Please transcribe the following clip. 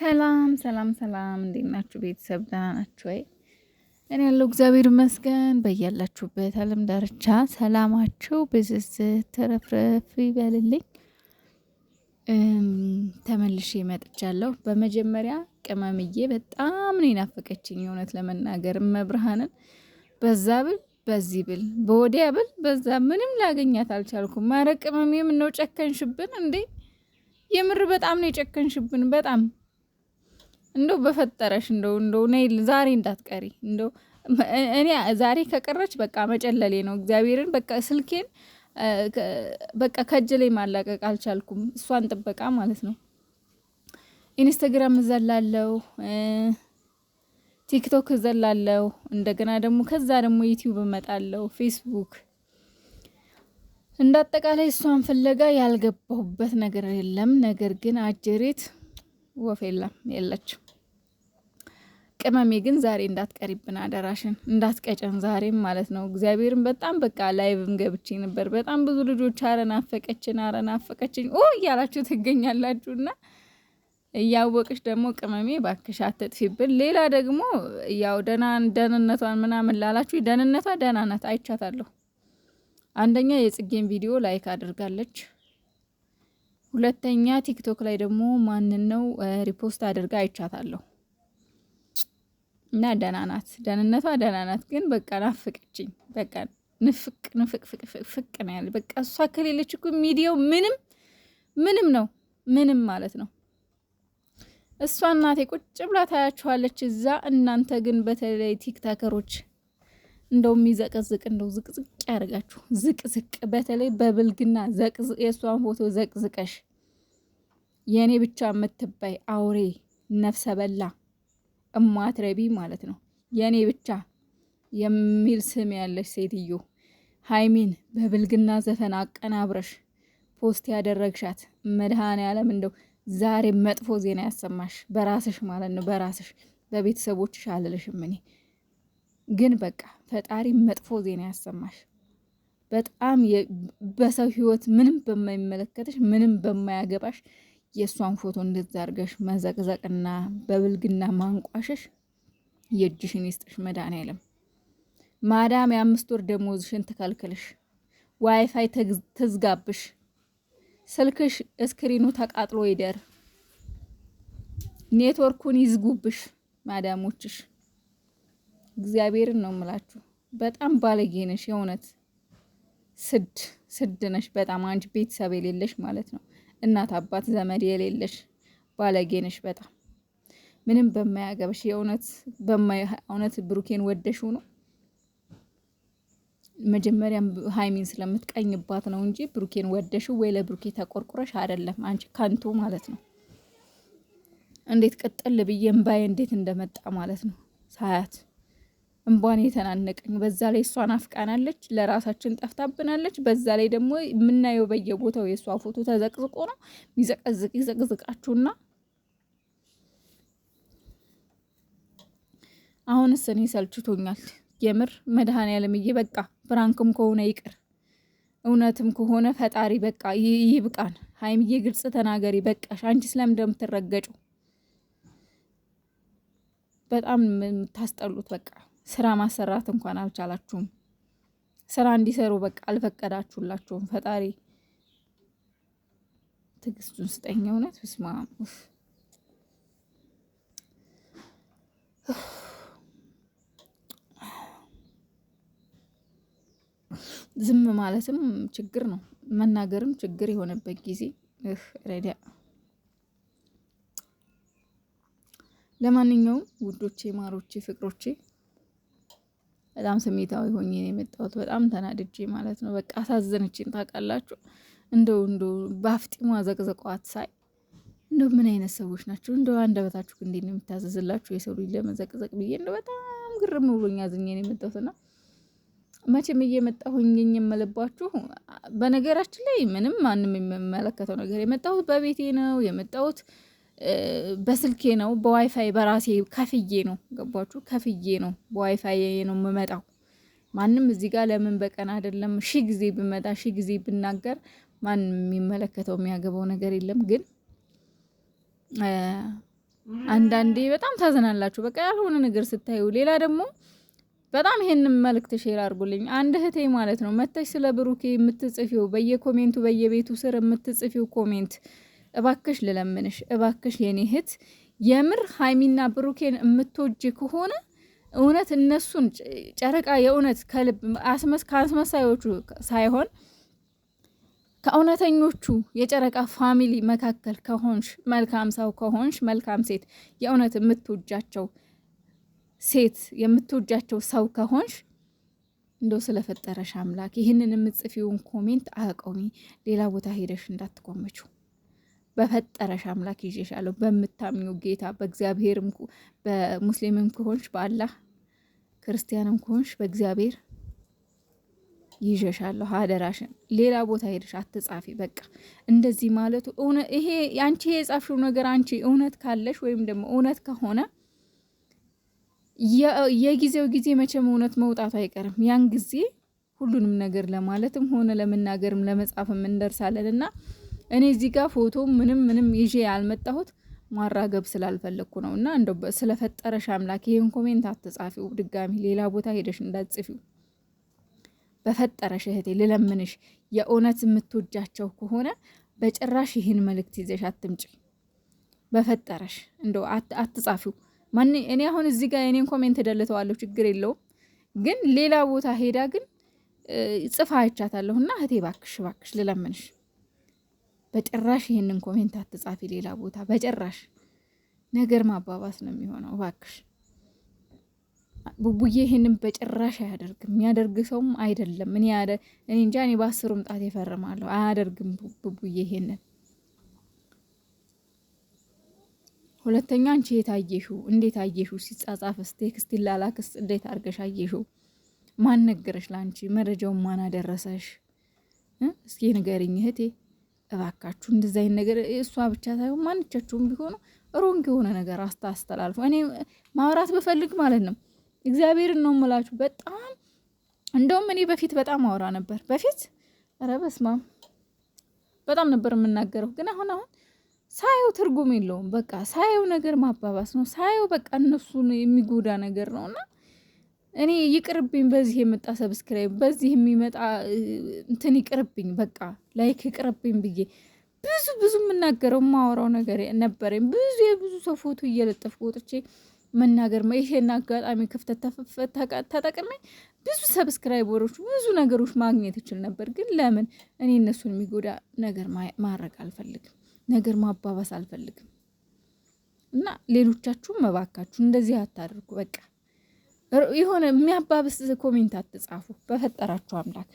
ሰላም ሰላም ሰላም፣ እንዴት ናችሁ ቤተሰብ? ደህና ናችሁ ወይ? እኔ ያለው እግዚአብሔር ይመስገን። በያላችሁበት ዓለም ዳርቻ ሰላማችሁ ብዝዝ ተረፍረፍ ይበልልኝ። ተመልሼ መጥቻለሁ። በመጀመሪያ ቅመምዬ በጣም ነው የናፈቀችኝ እውነት ለመናገር መብርሃንን በዛ ብል በዚህ ብል በወዲያ ብል በዛ ምንም ላገኛት አልቻልኩም። ማረ ቅመሜ ምነው ጨከንሽብን እንዴ? የምር በጣም ነው የጨከንሽብን በጣም እንደው በፈጠረሽ እንደው እንደው ዛሬ እንዳትቀሪ እንደው እኔ ዛሬ ከቀረች በቃ መጨለሌ ነው። እግዚአብሔርን በቃ ስልኬን በቃ ከእጅ ላይ ማላቀቅ አልቻልኩም። እሷን ጥበቃ ማለት ነው። ኢንስታግራም እዘላለው፣ ቲክቶክ እዘላለው፣ እንደገና ደግሞ ከዛ ደግሞ ዩቲዩብ እመጣለው፣ ፌስቡክ እንዳጠቃላይ እሷን ፍለጋ ያልገባሁበት ነገር የለም። ነገር ግን አጀሬት ወፍ የለም የለችው። ቅመሜ ግን ዛሬ እንዳትቀሪብን አደራሽን፣ እንዳትቀጨን ዛሬም ማለት ነው። እግዚአብሔርን በጣም በቃ ላይቭም ገብቼ ነበር። በጣም ብዙ ልጆች አረናፈቀችን አረናፈቀችኝ ኦ እያላችሁ ና እያወቅሽ ደግሞ ቅመሜ ባክሽ አትጥፊብን። ሌላ ደግሞ ያው ደህንነቷን ምናምን ላላችሁ ደህንነቷ ደህና ናት፣ አይቻታለሁ። አንደኛ የጽጌን ቪዲዮ ላይክ አድርጋለች። ሁለተኛ ቲክቶክ ላይ ደግሞ ማንን ነው ሪፖስት አድርጋ አይቻታለሁ እና ደህና ናት፣ ደህንነቷ ደህና ናት። ግን በቃ ናፍቅችኝ። በቃ ንፍቅ ንፍቅ ፍቅ ነው ያለ። በቃ እሷ ከሌለች እኮ ሚዲያው ምንም ምንም ነው ምንም ማለት ነው። እሷ እናቴ ቁጭ ብላ ታያችኋለች እዛ። እናንተ ግን በተለይ ቲክታከሮች እንደው የሚዘቀዝቅ እንደው ዝቅዝቅ ያደርጋችሁ። ዝቅዝቅ በተለይ በብልግና የእሷን ፎቶ ዘቅዝቀሽ የእኔ ብቻ የምትባይ አውሬ ነፍሰ በላ እማትረቢ ማለት ነው። የእኔ ብቻ የሚል ስም ያለሽ ሴትዮ ሀይሚን በብልግና ዘፈን አቀናብረሽ ፖስት ያደረግሻት መድኃኔዓለም እንደው ዛሬ መጥፎ ዜና ያሰማሽ በራስሽ ማለት ነው። በራስሽ በቤተሰቦችሽ አልልሽም እኔ ግን በቃ ፈጣሪ መጥፎ ዜና ያሰማሽ። በጣም በሰው ህይወት ምንም በማይመለከተሽ ምንም በማያገባሽ የእሷን ፎቶ እንደዛ መዘቅዘቅና በብልግና ማንቋሸሽ የእጅሽን ይስጥሽ መድኃኒዓለም። ማዳም የአምስት ወር ደሞዝሽን ትከልክልሽ፣ ዋይፋይ ትዝጋብሽ፣ ስልክሽ እስክሪኑ ተቃጥሎ ይደር፣ ኔትወርኩን ይዝጉብሽ ማዳሞችሽ። እግዚአብሔርን ነው የምላችሁ። በጣም ባለጌ ነሽ፣ የእውነት ስድ ስድ ነሽ በጣም አንቺ ቤተሰብ የሌለሽ ማለት ነው። እናት አባት ዘመድ የሌለሽ ባለጌ ነሽ በጣም ምንም በማያገበሽ የእውነት በእውነት ብሩኬን ወደሽው ነው። መጀመሪያም ሀይሚን ስለምትቀኝባት ነው እንጂ ብሩኬን ወደሽው ወይ ለብሩኬ ተቆርቁረሽ አይደለም። አንቺ ከንቱ ማለት ነው። እንዴት ቅጥል ብዬ እምባዬ እንዴት እንደመጣ ማለት ነው ሳያት እንቧን የተናነቀኝ። በዛ ላይ እሷን አፍቃናለች፣ ለራሳችን ጠፍታብናለች። በዛ ላይ ደግሞ የምናየው በየቦታው የእሷ ፎቶ ተዘቅዝቆ ነው የሚዘቀዝቅ። ይዘቅዝቃችሁና አሁንስ እኔ ሰልችቶኛል የምር መድኃኔዓለም በቃ ብራንክም ከሆነ ይቅር እውነትም ከሆነ ፈጣሪ በቃ ይብቃን። ሀይሚዬ ግልጽ ተናገሪ በቃሽ። አንቺ ስለምን እንደምትረገጩ በጣም የምታስጠሉት በቃ ስራ ማሰራት እንኳን አልቻላችሁም። ስራ እንዲሰሩ በቃ አልፈቀዳችሁላችሁም። ፈጣሪ ትዕግስቱን ስጠኝ። እውነት ስማ ዝም ማለትም ችግር ነው፣ መናገርም ችግር የሆነበት ጊዜ ረዲያ ለማንኛውም ውዶቼ፣ ማሮቼ፣ ፍቅሮቼ በጣም ስሜታዊ ሆኜ ነው የመጣሁት። በጣም ተናድጄ ማለት ነው። በቃ አሳዘነችን ታውቃላችሁ። እንደው እንደው በአፍጢሟ ዘቅዘቋት ሳይ እንደው ምን አይነት ሰዎች ናቸው? እንደው አንደበታችሁ እንዴት ነው የምታዘዝላችሁ? የሰው ልጅ ለመዘቅዘቅ ብዬ እንደው በጣም ግርም ብሎኝ አዝኜ ነው የመጣሁትና መቼም እየመጣሁ የምልባችሁ በነገራችን ላይ ምንም ማንም የሚመለከተው ነገር የመጣሁት በቤቴ ነው የመጣሁት በስልኬ ነው በዋይፋይ በራሴ ከፍዬ ነው ገባችሁ? ከፍዬ ነው በዋይፋይ ነው የምመጣው። ማንም እዚህ ጋር ለምን በቀን አይደለም ሺ ጊዜ ብመጣ ሺ ጊዜ ብናገር ማንም የሚመለከተው የሚያገባው ነገር የለም። ግን አንዳንዴ በጣም ታዘናላችሁ፣ በቃ ያልሆነ ነገር ስታዩ። ሌላ ደግሞ በጣም ይሄንን መልእክት ሼር አድርጉልኝ። አንድ እህቴ ማለት ነው መተሽ ስለ ብሩኬ የምትጽፊው በየኮሜንቱ በየቤቱ ስር የምትጽፊው ኮሜንት እባክሽ ልለምንሽ፣ እባክሽ የኔ እህት የምር ሀይሚና ብሩኬን የምትወጅ ከሆነ እውነት እነሱን ጨረቃ የእውነት ከልብ ከአስመሳዮቹ ሳይሆን ከእውነተኞቹ የጨረቃ ፋሚሊ መካከል ከሆንሽ መልካም ሰው ከሆንሽ መልካም ሴት የእውነት የምትወጃቸው ሴት የምትወጃቸው ሰው ከሆንሽ እንደ ስለፈጠረሽ አምላክ ይህንን የምጽፊውን ኮሜንት አቆሚ። ሌላ ቦታ ሄደሽ እንዳትቆመችው። በፈጠረሽ አምላክ ይዤሻለሁ በምታምኙ ጌታ በእግዚአብሔርም በሙስሊምም ከሆንሽ በአላህ ክርስቲያንም ከሆንሽ በእግዚአብሔር ይዤሻለሁ አደራሽን። ሌላ ቦታ ሄደሽ አትጻፊ። በቃ እንደዚህ ማለቱ ይሄ አንቺ የጻፍሽው ነገር አንቺ እውነት ካለሽ ወይም ደግሞ እውነት ከሆነ የጊዜው ጊዜ መቼም እውነት መውጣቱ አይቀርም። ያን ጊዜ ሁሉንም ነገር ለማለትም ሆነ ለመናገርም ለመጻፍም እንደርሳለን እና እኔ እዚህ ጋር ፎቶ ምንም ምንም ይዤ ያልመጣሁት ማራገብ ስላልፈለግኩ ነው። እና እንደ ስለፈጠረሽ አምላክ ይህን ኮሜንት አትጻፊው ድጋሚ ሌላ ቦታ ሄደሽ እንዳትጽፊው። በፈጠረሽ እህቴ ልለምንሽ፣ የእውነት የምትወጃቸው ከሆነ በጭራሽ ይህን መልእክት ይዘሽ አትምጪ። በፈጠረሽ እንደ አትጻፊው። ማን እኔ አሁን እዚህ ጋር የኔን ኮሜንት ደልተዋለሁ፣ ችግር የለውም ግን ሌላ ቦታ ሄዳ ግን ጽፋ አይቻታለሁ። እና እህቴ ባክሽ ባክሽ ልለምንሽ በጭራሽ ይህንን ኮሜንት አትጻፊ ሌላ ቦታ በጭራሽ። ነገር ማባባስ ነው የሚሆነው። እባክሽ ቡቡዬ ይህንን በጭራሽ አያደርግም። የሚያደርግ ሰውም አይደለም። እኔ እኔ እንጃ እኔ በአስሩም ጣት ይፈርማለሁ። አያደርግም ቡቡዬ ይሄንን። ሁለተኛ አንቺ የት አየሽው? እንዴት አየሽው? ሲጻጻፍስ ቴክስት ይላላክስ እንዴት አድርገሽ አየሽው? ማን ነገረሽ? ለአንቺ መረጃውን ማን አደረሰሽ? እስኪ ንገሪኝ እህቴ። እባካችሁ እንደዚህ አይነት ነገር እሷ ብቻ ሳይሆን ማንቻችሁም ቢሆኑ ሮንግ የሆነ ነገር አስተላልፉ። እኔ ማውራት ብፈልግ ማለት ነው እግዚአብሔርን ነው የምላችሁ። በጣም እንደውም እኔ በፊት በጣም አውራ ነበር። በፊት ኧረ በስመ አብ በጣም ነበር የምናገረው። ግን አሁን አሁን ሳየው ትርጉም የለውም። በቃ ሳየው ነገር ማባባስ ነው። ሳየው በቃ እነሱን የሚጎዳ ነገር ነውና እኔ ይቅርብኝ፣ በዚህ የመጣ ሰብስክራይብ፣ በዚህ የሚመጣ እንትን ይቅርብኝ፣ በቃ ላይክ ይቅርብኝ ብዬ ብዙ ብዙ የምናገረው የማወራው ነገር ነበረኝ። ብዙ የብዙ ሰው ፎቶ እየለጠፍኩ ወጥቼ መናገር ይሄን አጋጣሚ ክፍተት ተጠቅሜ ብዙ ሰብስክራይበሮች ብዙ ነገሮች ማግኘት ይችል ነበር። ግን ለምን እኔ እነሱን የሚጎዳ ነገር ማድረግ አልፈልግም፣ ነገር ማባባስ አልፈልግም። እና ሌሎቻችሁም መባካችሁ እንደዚህ አታድርጉ በቃ የሆነ የሚያባብስ ኮሜንት አትጻፉ በፈጠራችሁ አምላክ።